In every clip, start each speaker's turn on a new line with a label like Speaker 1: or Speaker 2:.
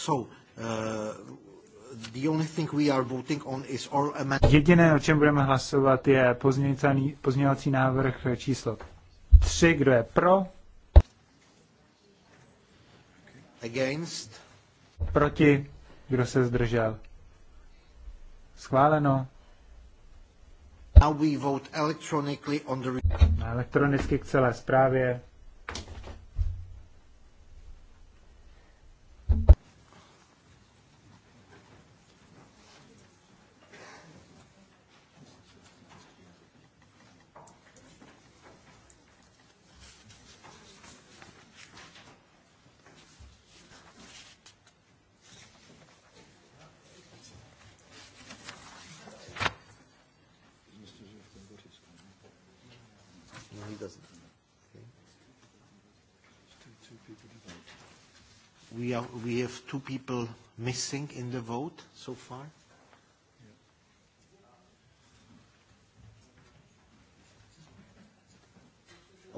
Speaker 1: So, uh, Jediné, o čem budeme hlasovat, je pozměňovací návrh číslo 3. Kdo je pro? Against. Proti. Kdo se zdržel? Schváleno. Now we vote electronically on the... Elektronicky k celé zprávě. two people missing in the vote so far?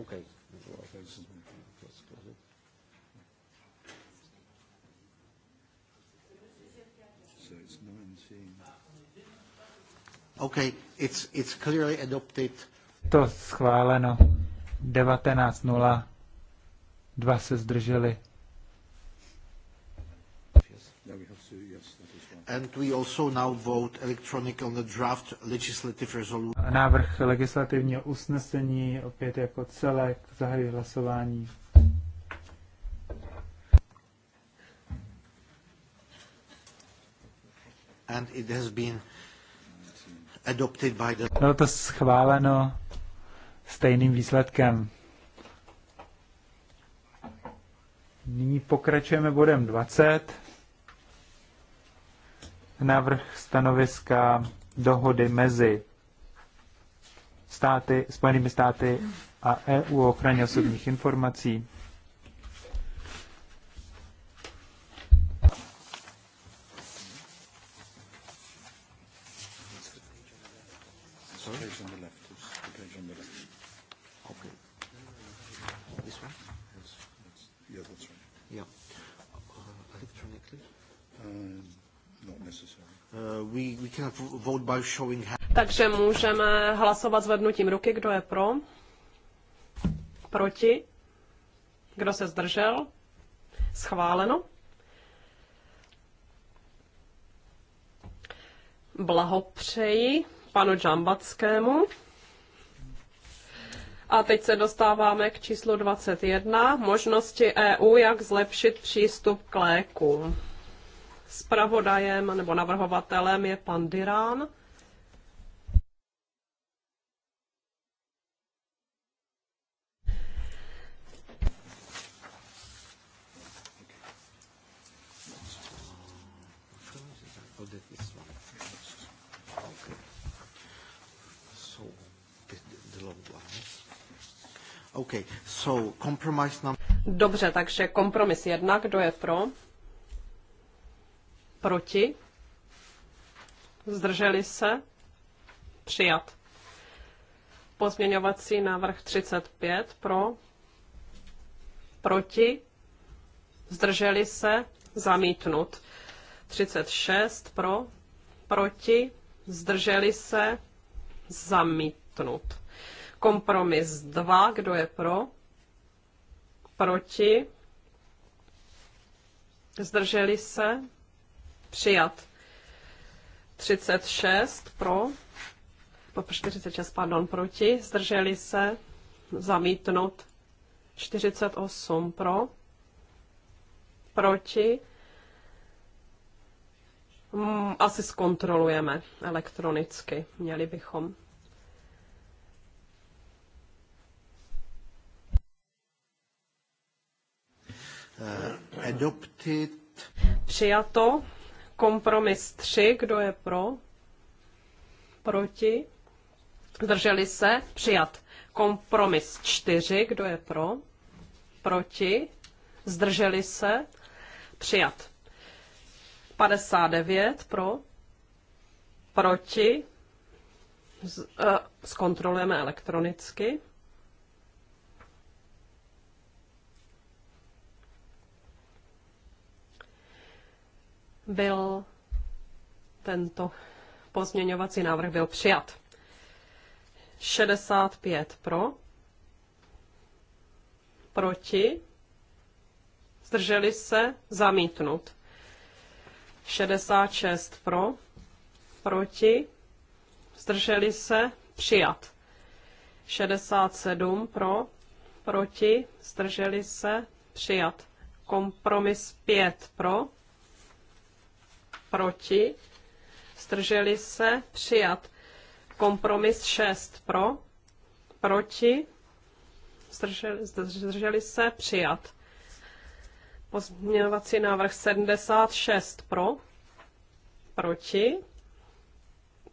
Speaker 1: Okay. Okay, it's, it's clearly adopted. To schváleno. 19.0. Dva se zdrželi. And we also now vote electronic on the draft legislative resolution. Návrh legislativního usnesení opět jako celek zahájí hlasování. And it has been adopted by the... Bylo to schváleno stejným výsledkem. Nyní pokračujeme bodem 20 návrh stanoviska dohody mezi státy, Spojenými státy a EU o ochraně osobních informací.
Speaker 2: Takže můžeme hlasovat zvednutím ruky, kdo je pro, proti, kdo se zdržel, schváleno. Blahopřeji panu Džambackému. A teď se dostáváme k číslu 21. Možnosti EU, jak zlepšit přístup k lékům. Spravodajem nebo navrhovatelem je pan Dirán. Dobře, takže kompromis jedna, kdo je pro? Proti? Zdrželi se? Přijat. Pozměňovací návrh 35 pro? Proti? Zdrželi se? Zamítnut. 36 pro? Proti? Zdrželi se? Zamítnut kompromis 2, kdo je pro, proti, zdrželi se, přijat. 36 pro, 46, pardon, proti, zdrželi se, zamítnout 48 pro, proti, mm, asi zkontrolujeme elektronicky, měli bychom. Eh, adopted. Přijato. Kompromis 3. Kdo je pro? Proti? Zdrželi se? Přijat. Kompromis 4. Kdo je pro? Proti? Zdrželi se? Přijat. 59 pro? Proti? Z, uh, zkontrolujeme elektronicky. byl tento pozměňovací návrh byl přijat. 65 pro, proti, zdrželi se, zamítnut. 66 pro, proti, zdrželi se, přijat. 67 pro, proti, zdrželi se, přijat. Kompromis 5 pro, proti, zdrželi se, přijat. Kompromis 6 pro, proti, zdrželi, zdrželi se, přijat. Pozměňovací návrh 76 pro, proti,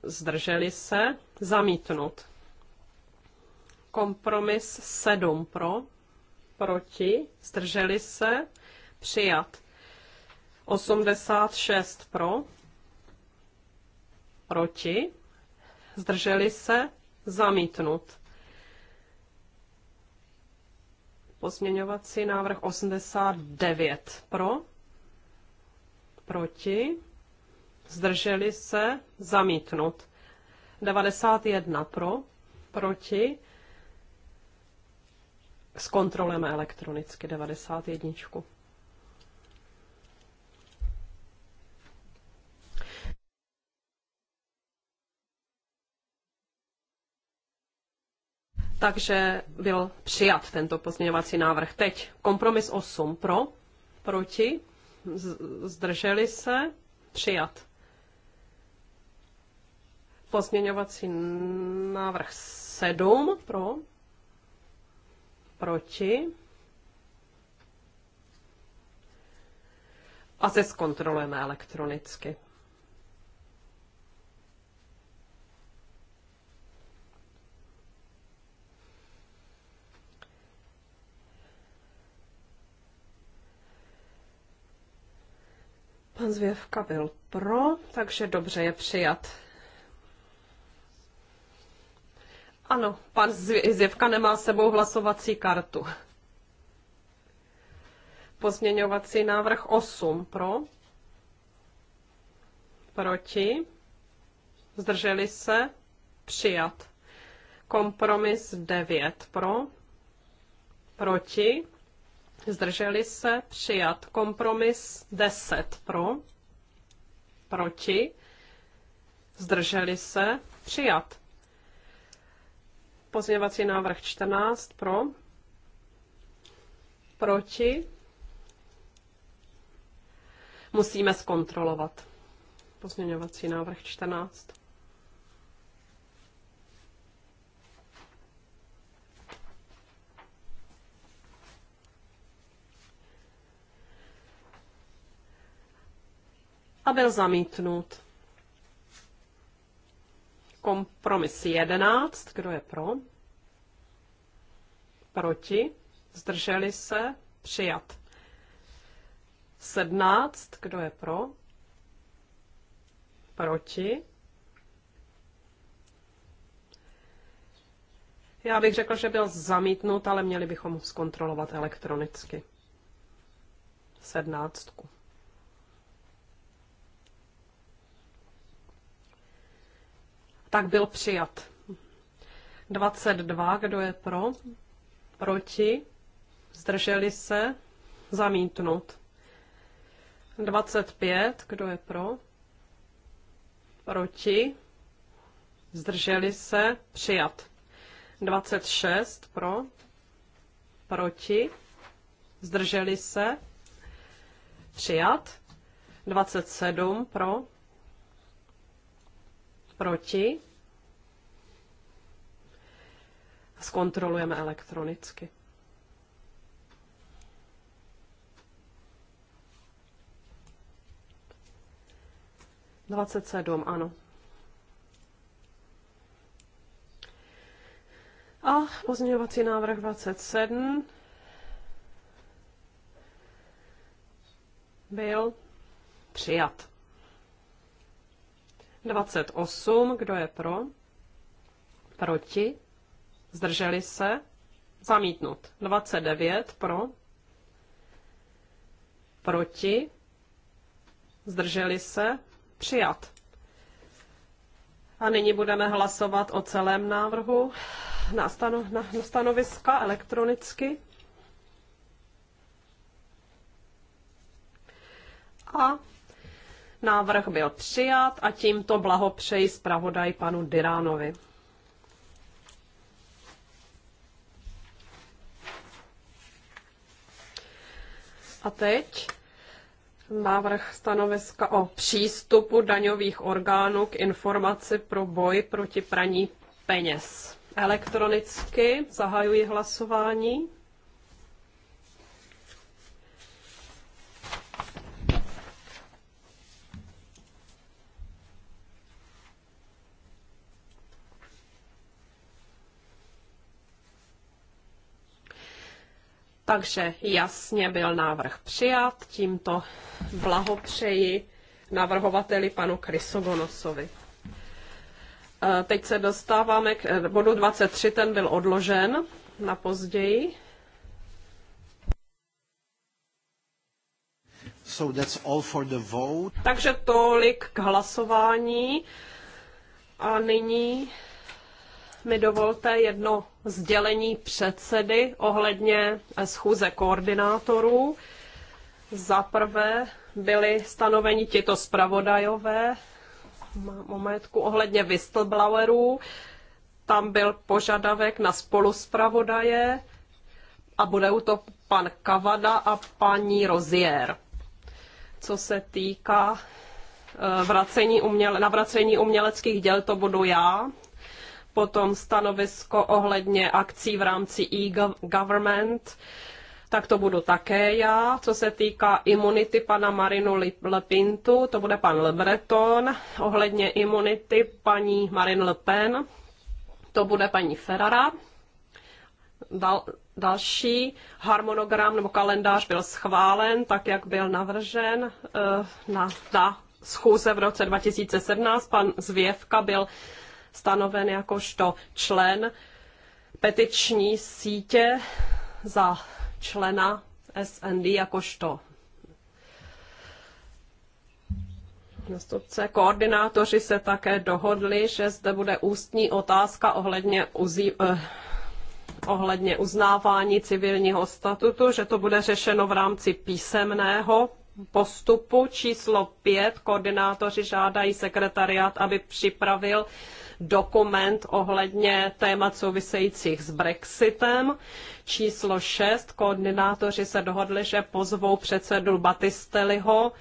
Speaker 2: zdrželi se, zamítnut. Kompromis 7 pro, proti, zdrželi se, přijat. 86 pro, proti, zdrželi se, zamítnut. Pozměňovací návrh 89 pro, proti, zdrželi se, zamítnut. 91 pro, proti, zkontrolujeme elektronicky 91. Takže byl přijat tento pozměňovací návrh. Teď kompromis 8 pro, proti, zdrželi se, přijat. Pozměňovací návrh 7 pro, proti. A se zkontrolujeme elektronicky. Pan Zvěvka byl pro, takže dobře je přijat. Ano, pan Zjevka nemá sebou hlasovací kartu. Pozměňovací návrh 8 pro. Proti. Zdrželi se. Přijat. Kompromis 9 pro. Proti Zdrželi se přijat kompromis 10 pro, proti, zdrželi se přijat. Pozměňovací návrh 14 pro, proti, musíme zkontrolovat. Pozměňovací návrh 14. a byl zamítnut. Kompromis 11, kdo je pro? Proti? Zdrželi se? Přijat. 17, kdo je pro? Proti? Já bych řekl, že byl zamítnut, ale měli bychom zkontrolovat elektronicky. Sednáctku. tak byl přijat. 22, kdo je pro, proti, zdrželi se, zamítnut. 25, kdo je pro, proti, zdrželi se, přijat. 26 pro, proti, zdrželi se, přijat. 27 pro, Proti? Zkontrolujeme elektronicky. Dvacet sedm, ano. A pozměňovací návrh 27 byl přijat. 28, kdo je pro? Proti? Zdrželi se? Zamítnut. 29 pro? Proti? Zdrželi se? Přijat. A nyní budeme hlasovat o celém návrhu na, stano, na, na stanoviska elektronicky. A Návrh byl přijat a tímto blahopřeji zpravodaj panu Diránovi. A teď návrh stanoviska o přístupu daňových orgánů k informaci pro boj proti praní peněz. Elektronicky zahajuji hlasování. Takže jasně byl návrh přijat, tímto blahopřeji navrhovateli panu Krysogonosovi. E, teď se dostáváme k e, bodu 23, ten byl odložen na později.
Speaker 1: So that's all for the vote.
Speaker 2: Takže tolik k hlasování. A nyní mi dovolte jedno sdělení předsedy ohledně eh, schůze koordinátorů. Za prvé byly stanoveni tito zpravodajové momentku ohledně whistleblowerů. Tam byl požadavek na spoluspravodaje a budou to pan Kavada a paní Rozier. Co se týká eh, vracení uměle, navracení uměleckých děl, to budu já potom stanovisko ohledně akcí v rámci e-government, tak to budu také já. Co se týká imunity pana Marinu Lepintu, to bude pan Le Breton. Ohledně imunity paní Marin Le Pen, to bude paní Ferrara. Dal, další harmonogram nebo kalendář byl schválen, tak jak byl navržen eh, na, na schůze v roce 2017. Pan Zvěvka byl stanoven jakožto člen petiční sítě za člena SND jakožto Nastupce koordinátoři se také dohodli, že zde bude ústní otázka ohledně, uzí, eh, ohledně uznávání civilního statutu, že to bude řešeno v rámci písemného postupu. Číslo 5 koordinátoři žádají sekretariát, aby připravil eh, dokument ohledně témat souvisejících s Brexitem. Číslo 6. Koordinátoři se dohodli, že pozvou předsedu Batisteliho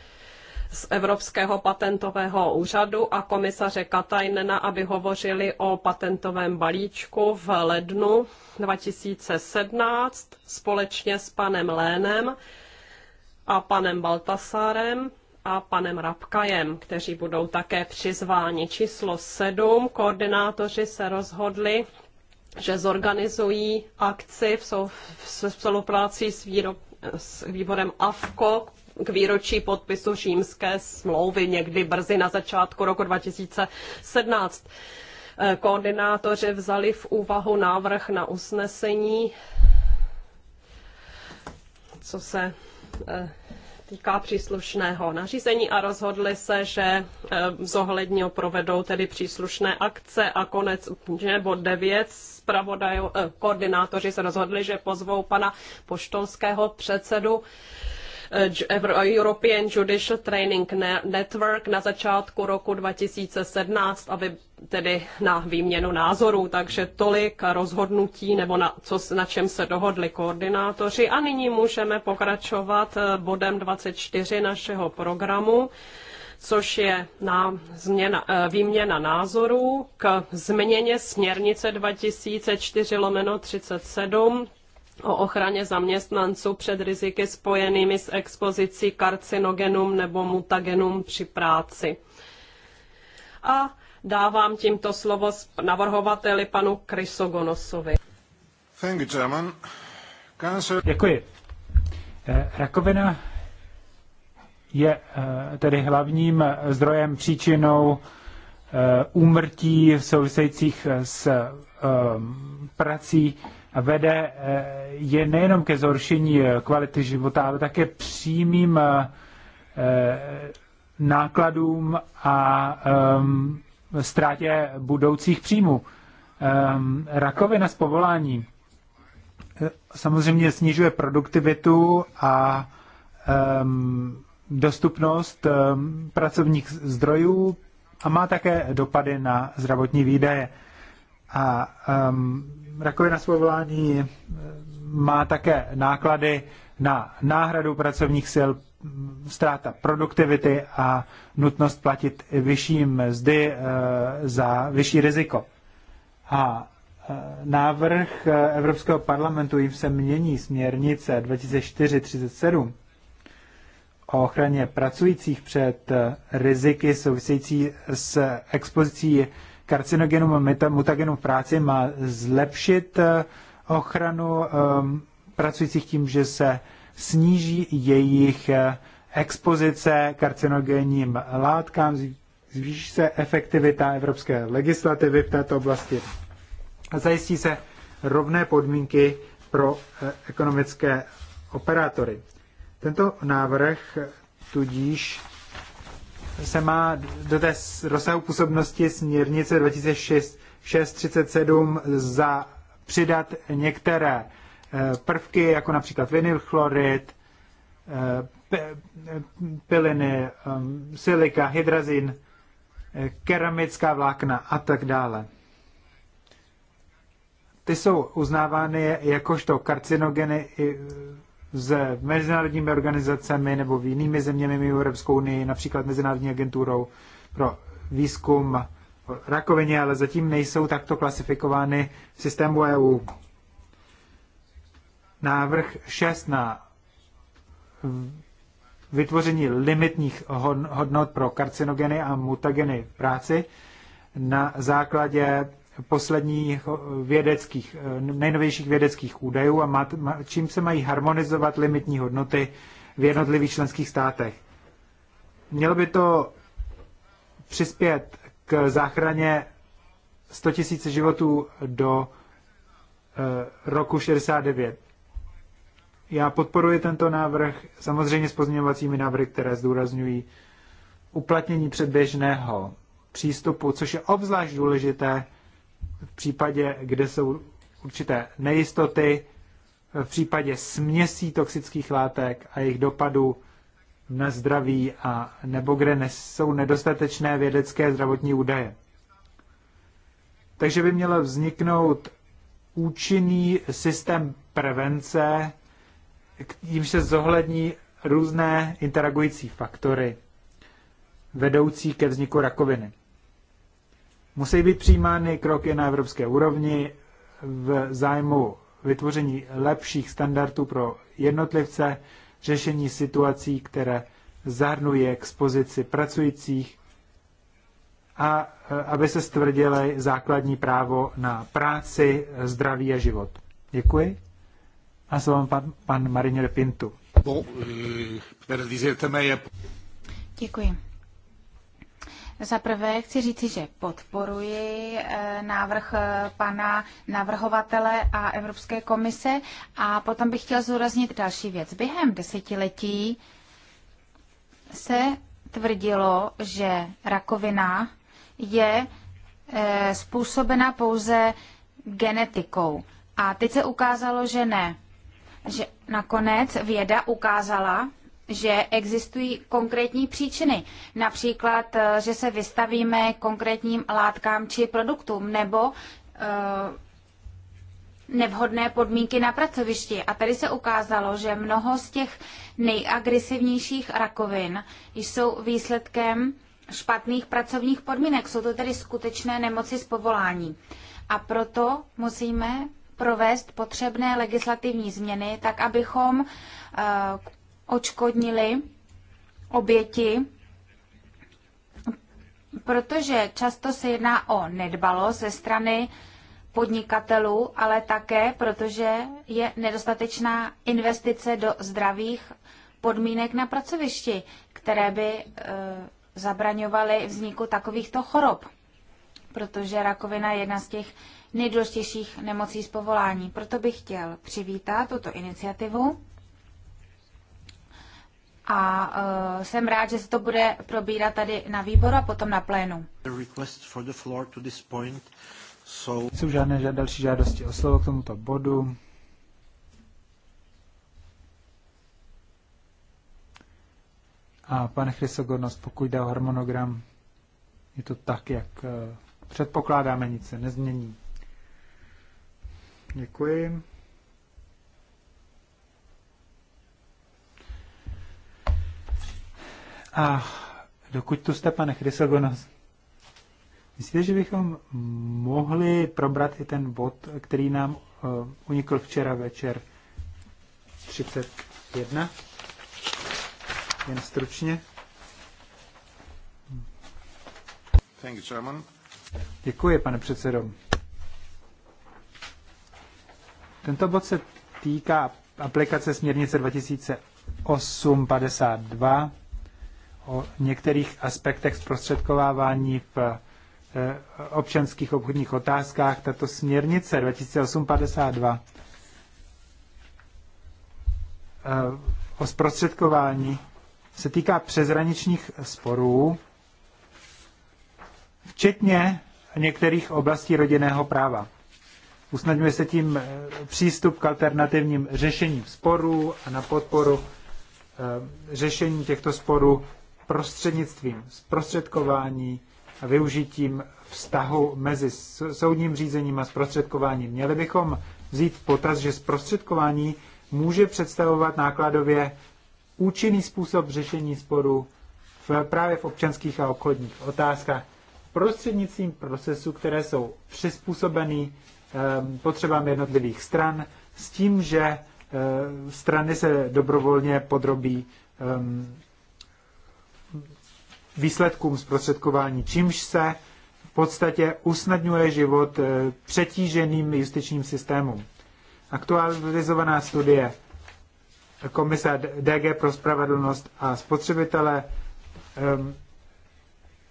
Speaker 2: z Evropského patentového úřadu a komisaře Katajnena, aby hovořili o patentovém balíčku v lednu 2017 společně s panem Lénem a panem Baltasárem a panem Rabkajem, kteří budou také přizváni. Číslo sedm Koordinátoři se rozhodli, že zorganizují akci v, sou, v spolupráci s, výrob, s výborem AFKO k výročí podpisu římské smlouvy někdy brzy na začátku roku 2017. Eh, koordinátoři vzali v úvahu návrh na usnesení, co se eh, týká příslušného nařízení a rozhodli se, že eh, zohlední provedou tedy příslušné akce a konec nebo devět zpravodajů, eh, koordinátoři se rozhodli, že pozvou pana poštolského předsedu eh, European Judicial Training Network na začátku roku 2017, aby tedy na výměnu názorů, takže tolik rozhodnutí nebo na, co, na čem se dohodli koordinátoři. A nyní můžeme pokračovat eh, bodem 24 našeho programu, což je na změna, eh, výměna názorů k změně směrnice 2004 lomeno 37 o ochraně zaměstnanců před riziky spojenými s expozicí karcinogenům nebo mutagenům při práci. A Dávám tímto slovo navrhovateli panu Krysogonosovi.
Speaker 1: Thank you, Chairman. Cancer... Děkuji. Eh, rakovina je eh, tedy hlavním zdrojem příčinou eh, úmrtí souvisejících s prací a vede je nejenom ke zhoršení kvality života, ale také přímým nákladům a ztrátě budoucích příjmů. Ehm, rakovina z povolání eh, samozřejmě snižuje produktivitu a ehm, dostupnost ehm, pracovních zdrojů a má také dopady na zdravotní výdaje. A rakovina z povolání eh, má také náklady na náhradu pracovních sil ztráta produktivity a nutnost platit vyšší mzdy eh, za vyšší riziko. A eh, návrh eh, Evropského parlamentu, jim se mění směrnice 2437 o ochraně pracujících před riziky související s expozicí karcinogenům a mutagenům v práci, má zlepšit ochranu pracujících tím, že se sníží jejich eh, expozice karcinogenním látkám, zvýší se efektivita evropské legislativy v této oblasti a zajistí se rovné podmínky pro eh, ekonomické operátory. Tento návrh eh, tudíž se má do té rozsahu působnosti směrnice 2006 637 za přidat některé Eh, prvky, jako například vinylchlorid, eh, eh, piliny, silika, hydrazin, keramická vlákna a tak dále. Ty jsou uznávány jakožto karcinogeny i s mezinárodními organizacemi nebo v jinými zeměmi v Evropskou unii, například Mezinárodní agenturou pro výzkum rakovině, ale zatím nejsou takto klasifikovány v systému EU návrh 6 na vytvoření limitních hodnot pro karcinogeny a mutageny v práci na základě posledních vědeckých, nejnovějších vědeckých údajů a mat, čím se mají harmonizovat limitní hodnoty v jednotlivých členských státech. Mělo by to přispět k záchraně 100 000 životů do eh, roku 69. Já podporuji tento návrh, samozřejmě s pozměňovacími návrhy, které zdůrazňují uplatnění předběžného přístupu, což je obzvlášť důležité v případě, kde jsou určité nejistoty, v případě směsí toxických látek a jejich dopadů na zdraví a nebo kde jsou nedostatečné vědecké zdravotní údaje. Takže by měl vzniknout účinný systém prevence tím se zohlední různé interagující faktory vedoucí ke vzniku rakoviny. Musí být přijímány kroky na evropské úrovni v zájmu vytvoření lepších standardů pro jednotlivce, řešení situací, které zahrnuje expozici pracujících a e, aby se stvrdily základní právo na práci, zdraví a život. Děkuji. A pan, pan Marino de Pintu. Eh,
Speaker 3: Děkuji. Za prvé chci říci, že podporuji eh, návrh eh, pana navrhovatele a Evropské komise a potom bych chtěl zúraznit další věc. Během desetiletí se tvrdilo, že rakovina je způsobena pouze genetikou. A teď se ukázalo, že ne že nakonec věda ukázala, že existují konkrétní příčiny. Například, eh, že se vystavíme konkrétním látkám či produktům nebo eh, nevhodné podmínky na pracovišti. A tady se ukázalo, že mnoho z těch nejagresivnějších rakovin jsou výsledkem špatných pracovních podmínek. Jsou to tedy skutečné nemoci z povolání. A proto musíme provést potřebné legislativní změny, tak abychom eh, očkodnili oběti, protože často se jedná o nedbalost ze strany podnikatelů, ale také protože je nedostatečná investice do zdravých podmínek na pracovišti, které by eh, zabraňovaly vzniku takovýchto chorob, protože rakovina je jedna z těch nejdůležitějších nemocí z povolání. Proto bych chtěl přivítat tuto iniciativu a uh, jsem rád, že se to bude probírat tady na výboru a potom na plénu.
Speaker 1: Jsou žádné další žádosti o slovo k tomuto bodu. A pane Chrysogonos, pokud jde o harmonogram, je to tak, jak eh, předpokládáme, nic se nezmění. Děkuji. A dokud tu jste, pane Chrysogonos, myslíte, že bychom mohli probrat i ten bod, který nám uh, unikl včera večer 31? Jen stručně.
Speaker 2: Thank you,
Speaker 1: Děkuji, pane předsedo. Tento bod se týká aplikace směrnice 2008-52 o některých aspektech zprostředkovávání v eh, občanských obchodních otázkách. Tato směrnice 2008-52 eh, o zprostředkování se týká přezraničních sporů, včetně některých oblastí rodinného práva. Usnadňuje se tím eh, přístup k alternativním řešením sporů a na podporu eh, řešení těchto sporů prostřednictvím zprostředkování a využitím vztahu mezi soudním řízením a zprostředkováním. Měli bychom vzít v potaz, že zprostředkování může představovat nákladově účinný způsob řešení sporů v, právě v občanských a obchodních otázkách prostřednictvím procesů, které jsou přizpůsobeny Ehm, potřebám jednotlivých stran s tím, že eh, strany se dobrovolně podrobí ehm, výsledkům zprostředkování, čímž se v podstatě usnadňuje život eh, přetíženým justičním systémům. Aktualizovaná studie Komise DG pro spravedlnost a spotřebitele ehm,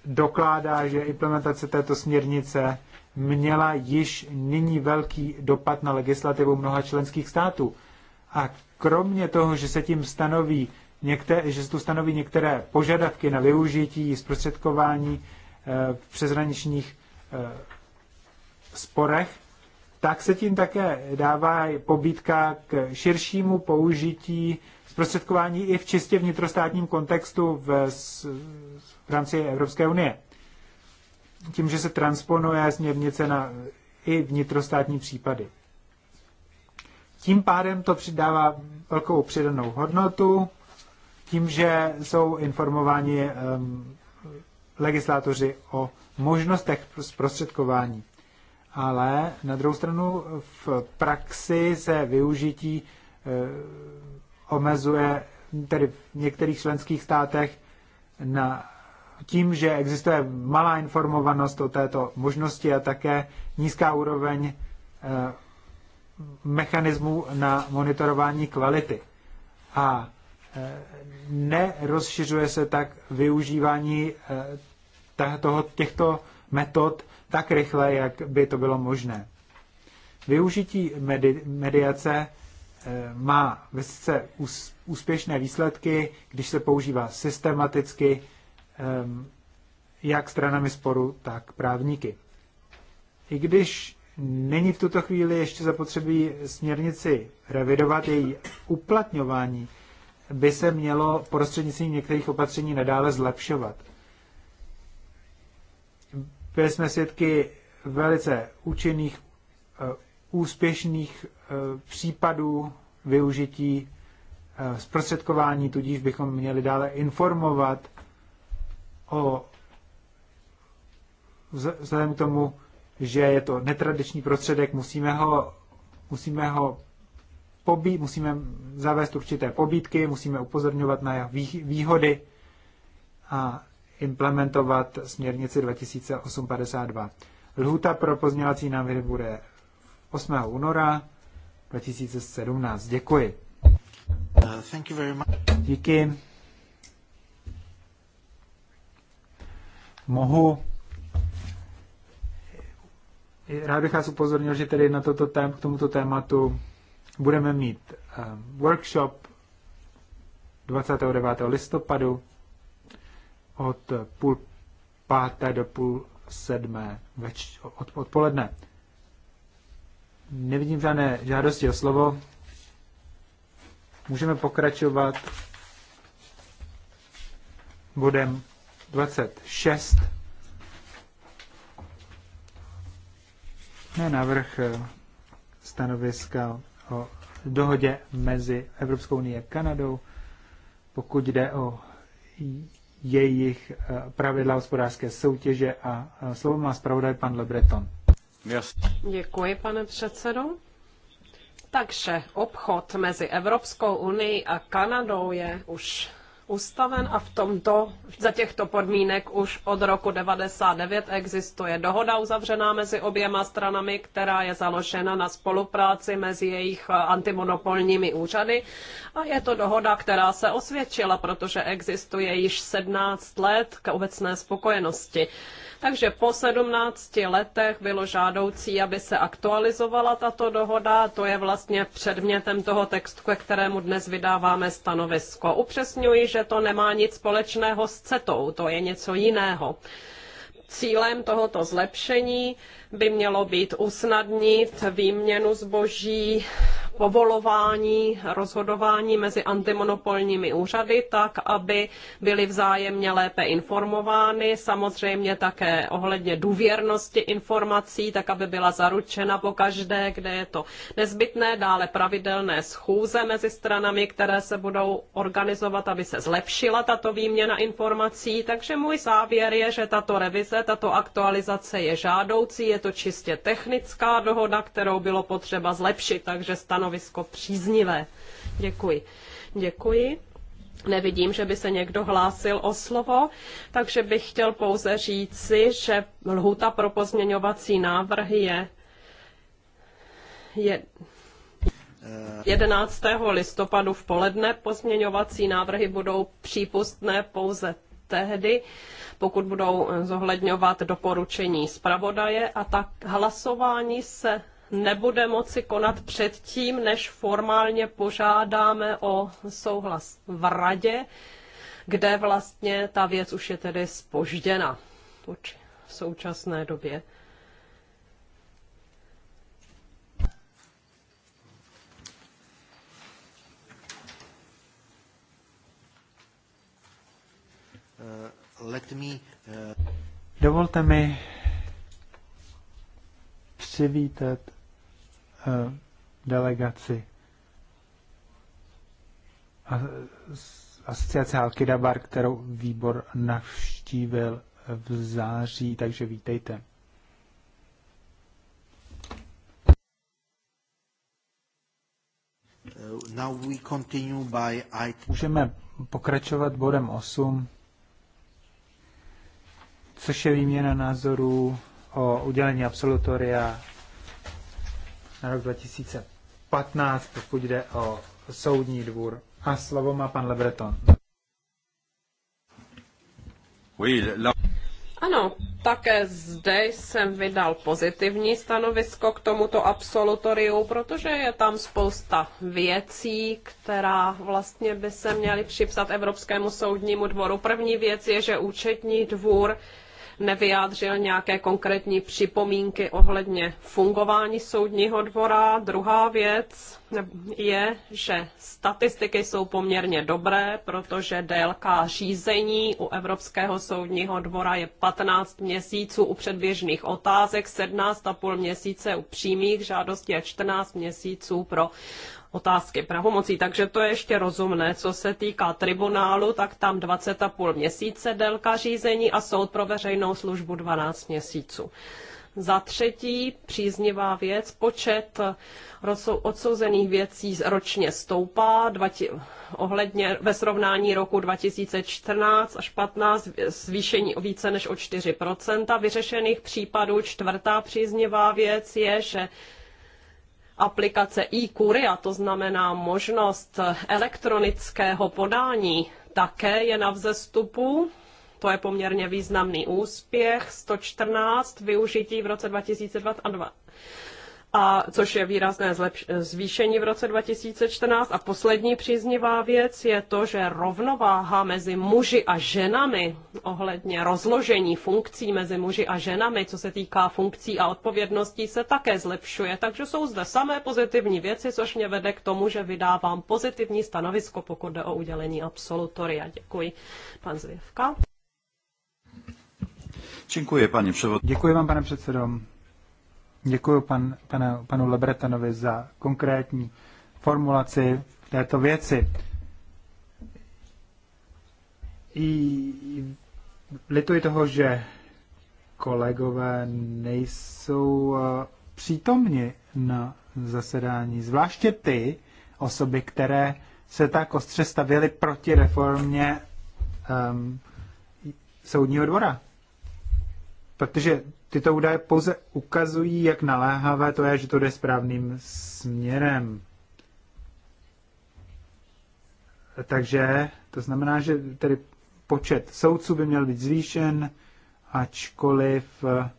Speaker 1: dokládá, že implementace této směrnice měla již nyní velký dopad na legislativu mnoha členských států. A kromě toho, že se tím stanoví některé, že se tu stanoví některé požadavky na využití, zprostředkování eh, v přeshraničních eh, sporech, tak se tím také dává pobídka k širšímu použití zprostředkování i v čistě vnitrostátním kontextu v, v rámci Evropské unie tím, že se transponuje směrnice na i vnitrostátní případy. Tím pádem to přidává velkou přidanou hodnotu, tím, že jsou informováni um, legislátoři o možnostech zprostředkování. Ale na druhou stranu v praxi se využití um, omezuje tedy v některých členských státech na tím, že existuje malá informovanost o této možnosti a také nízká úroveň eh, mechanismů na monitorování kvality. A eh, nerozšiřuje se tak využívání eh, toho, těchto metod tak rychle, jak by to bylo možné. Využití medi- mediace má vysoce úspěšné výsledky, když se používá systematicky Ehm, jak stranami sporu, tak právníky. I když není v tuto chvíli ještě zapotřebí směrnici revidovat, její uplatňování by se mělo prostřednictvím některých opatření nadále zlepšovat. Byli jsme svědky velice účinných, eh, úspěšných eh, případů využití eh, zprostředkování, tudíž bychom měli dále informovat o vzhledem k tomu, že je to netradiční prostředek, musíme ho, musíme ho pobí, musíme zavést určité pobídky, musíme upozorňovat na jeho výhody a implementovat směrnici 2852. Lhuta pro pozdělací návrhy bude 8. února 2017. Děkuji. Uh, thank you very much. Díky. mohu rád bych vás upozornil, že tedy na toto tém, k tomuto tématu budeme mít eh, workshop 29. listopadu od půl páté do půl sedmé več, od, odpoledne. Nevidím žádné žádosti o slovo. Můžeme pokračovat bodem 26. Ne návrh eh, stanoviska o dohodě mezi Evropskou unii a Kanadou, pokud jde o jejich eh, pravidla hospodářské soutěže a eh, slovo má zpravodaj pan Lebreton.
Speaker 3: Yes.
Speaker 2: Děkuji, pane předsedo. Takže obchod mezi Evropskou unii a Kanadou je už ustaven a v tomto, za těchto podmínek už od roku 99 existuje dohoda uzavřená mezi oběma stranami, která je založena na spolupráci mezi jejich antimonopolními úřady a je to dohoda, která se osvědčila, protože existuje již 17 let k obecné spokojenosti. Takže po 17 letech bylo žádoucí, aby se aktualizovala tato dohoda. To je vlastně předmětem toho textu, ke kterému dnes vydáváme stanovisko. Upřesňuji, že že to nemá nic společného s CETou, to je něco jiného. Cílem tohoto zlepšení by mělo být usnadnit výměnu zboží povolování, rozhodování mezi antimonopolními úřady, tak aby byly vzájemně lépe informovány, samozřejmě také ohledně důvěrnosti informací, tak aby byla zaručena po každé, kde je to nezbytné, dále pravidelné schůze mezi stranami, které se budou organizovat, aby se zlepšila tato výměna informací. Takže můj závěr je, že tato revize, tato aktualizace je žádoucí, je to čistě technická dohoda, kterou bylo potřeba zlepšit, takže stanovisko stanovisko příznivé. Děkuji. Děkuji. Nevidím, že by se někdo hlásil o slovo, takže bych chtěl pouze říci, že lhuta pro pozměňovací návrhy je, je 11. listopadu v poledne. Pozměňovací návrhy budou přípustné pouze tehdy, pokud budou zohledňovat doporučení zpravodaje a tak hlasování se nebude moci konat předtím, než formálně požádáme o souhlas v radě, kde vlastně ta věc už je tedy spožděna v současné době.
Speaker 1: Uh, uh, Dovolte mi přivítat Eh, delegaci asociace Alkida kterou výbor navštívil v září, takže vítejte. Eh, now we continue by Můžeme pokračovat bodem 8, což je výměna názorů o udělení absolutoria na rok 2015, pokud jde o soudní dvůr. A slovo má pan Lebreton.
Speaker 2: Ano, také zde jsem vydal pozitivní stanovisko k tomuto absolutoriu, protože je tam spousta věcí, která vlastně by se měly připsat Evropskému soudnímu dvoru. První věc je, že účetní dvůr nevyjádřil nějaké konkrétní připomínky ohledně fungování soudního dvora. Druhá věc, je, že statistiky jsou poměrně dobré, protože délka řízení u Evropského soudního dvora je 15 měsíců u předběžných otázek, 17,5 měsíce u přímých žádostí a 14 měsíců pro otázky pravomocí. Takže to je ještě rozumné. Co se týká tribunálu, tak tam 20,5 měsíce délka řízení a soud pro veřejnou službu 12 měsíců. Za třetí, příznivá věc, počet odsouzených věcí ročně stoupá ohledně ve srovnání roku 2014 až 2015 zvýšení o více než o 4%. Vyřešených případů čtvrtá příznivá věc je, že aplikace e-kuria, to znamená možnost elektronického podání, také je na vzestupu to je poměrně významný úspěch. 114 využití v roce 2022 a což je výrazné zlepš- zvýšení v roce 2014. A poslední příznivá věc je to, že rovnováha mezi muži a ženami ohledně rozložení funkcí mezi muži a ženami, co se týká funkcí a odpovědností, se také zlepšuje. Takže jsou zde samé pozitivní věci, což mě vede k tomu, že vydávám pozitivní stanovisko, pokud jde o udělení absolutoria. Děkuji, pan Zvěvka.
Speaker 1: Děkuji, paní převod. Děkuji vám, pane předsedo. Děkuji pan, pane, panu Lebretanovi za konkrétní formulaci této věci. I lituji toho, že kolegové nejsou eh, přítomni na zasedání, zvláště ty osoby, které se tak ostře stavěly proti reformě um, soudního dvora protože tyto údaje pouze ukazují, jak naléhavé to je, že to jde správným směrem. Takže to znamená, že tedy počet soudců by měl být zvýšen, ačkoliv eh,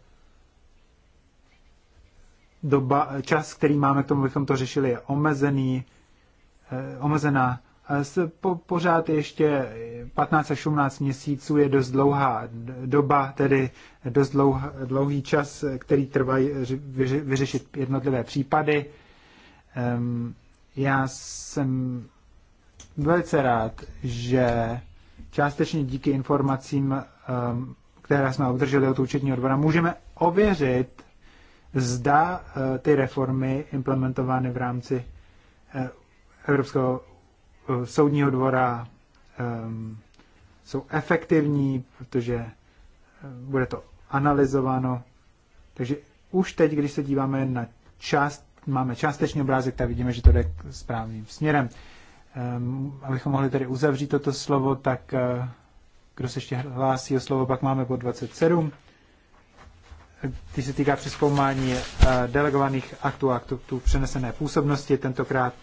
Speaker 1: doba, čas, který máme k tomu, abychom to řešili, je omezený, eh, omezená po, pořád ještě 15 až 18 měsíců je dost dlouhá doba, tedy dost dlouh, dlouhý čas, který trvá vyřešit jednotlivé případy. Ehm, já jsem velice rád, že částečně díky informacím, ehm, které jsme obdrželi od účetního odbora, můžeme ověřit, zda eh, ty reformy implementovány v rámci eh, Evropského Eh, soudního dvora jsou efektivní, protože eh, bude to analyzováno. Takže už teď, když se díváme na část, máme částečný obrázek, tak vidíme, že to jde správným směrem. Abychom mohli tedy uzavřít toto slovo, tak eh, kdo se ještě hlásí o slovo, pak máme po 27. Ty se týká přeskoumání delegovaných aktů a aktů přenesené působnosti, tentokrát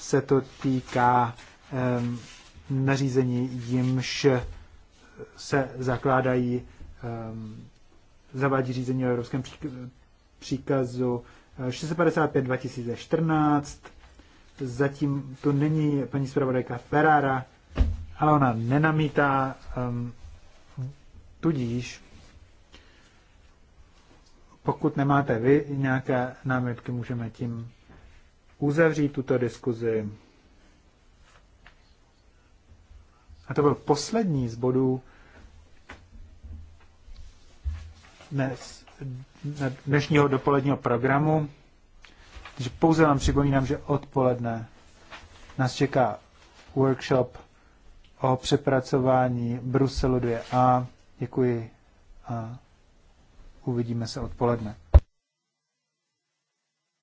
Speaker 1: se to týká um, nařízení, jimž se zakládají um, zavádí řízení o evropském příkazu 655 eh, 2014. Zatím to není paní zpravodajka Ferrara, ale ona nenamítá, um, tudíž pokud nemáte vy nějaké námitky, můžeme tím uzavřít tuto diskuzi. A to byl poslední z bodů dnes, dnešního dopoledního programu. Takže pouze vám připomínám, že odpoledne nás čeká workshop o přepracování Bruselu 2a. Děkuji a uvidíme se odpoledne.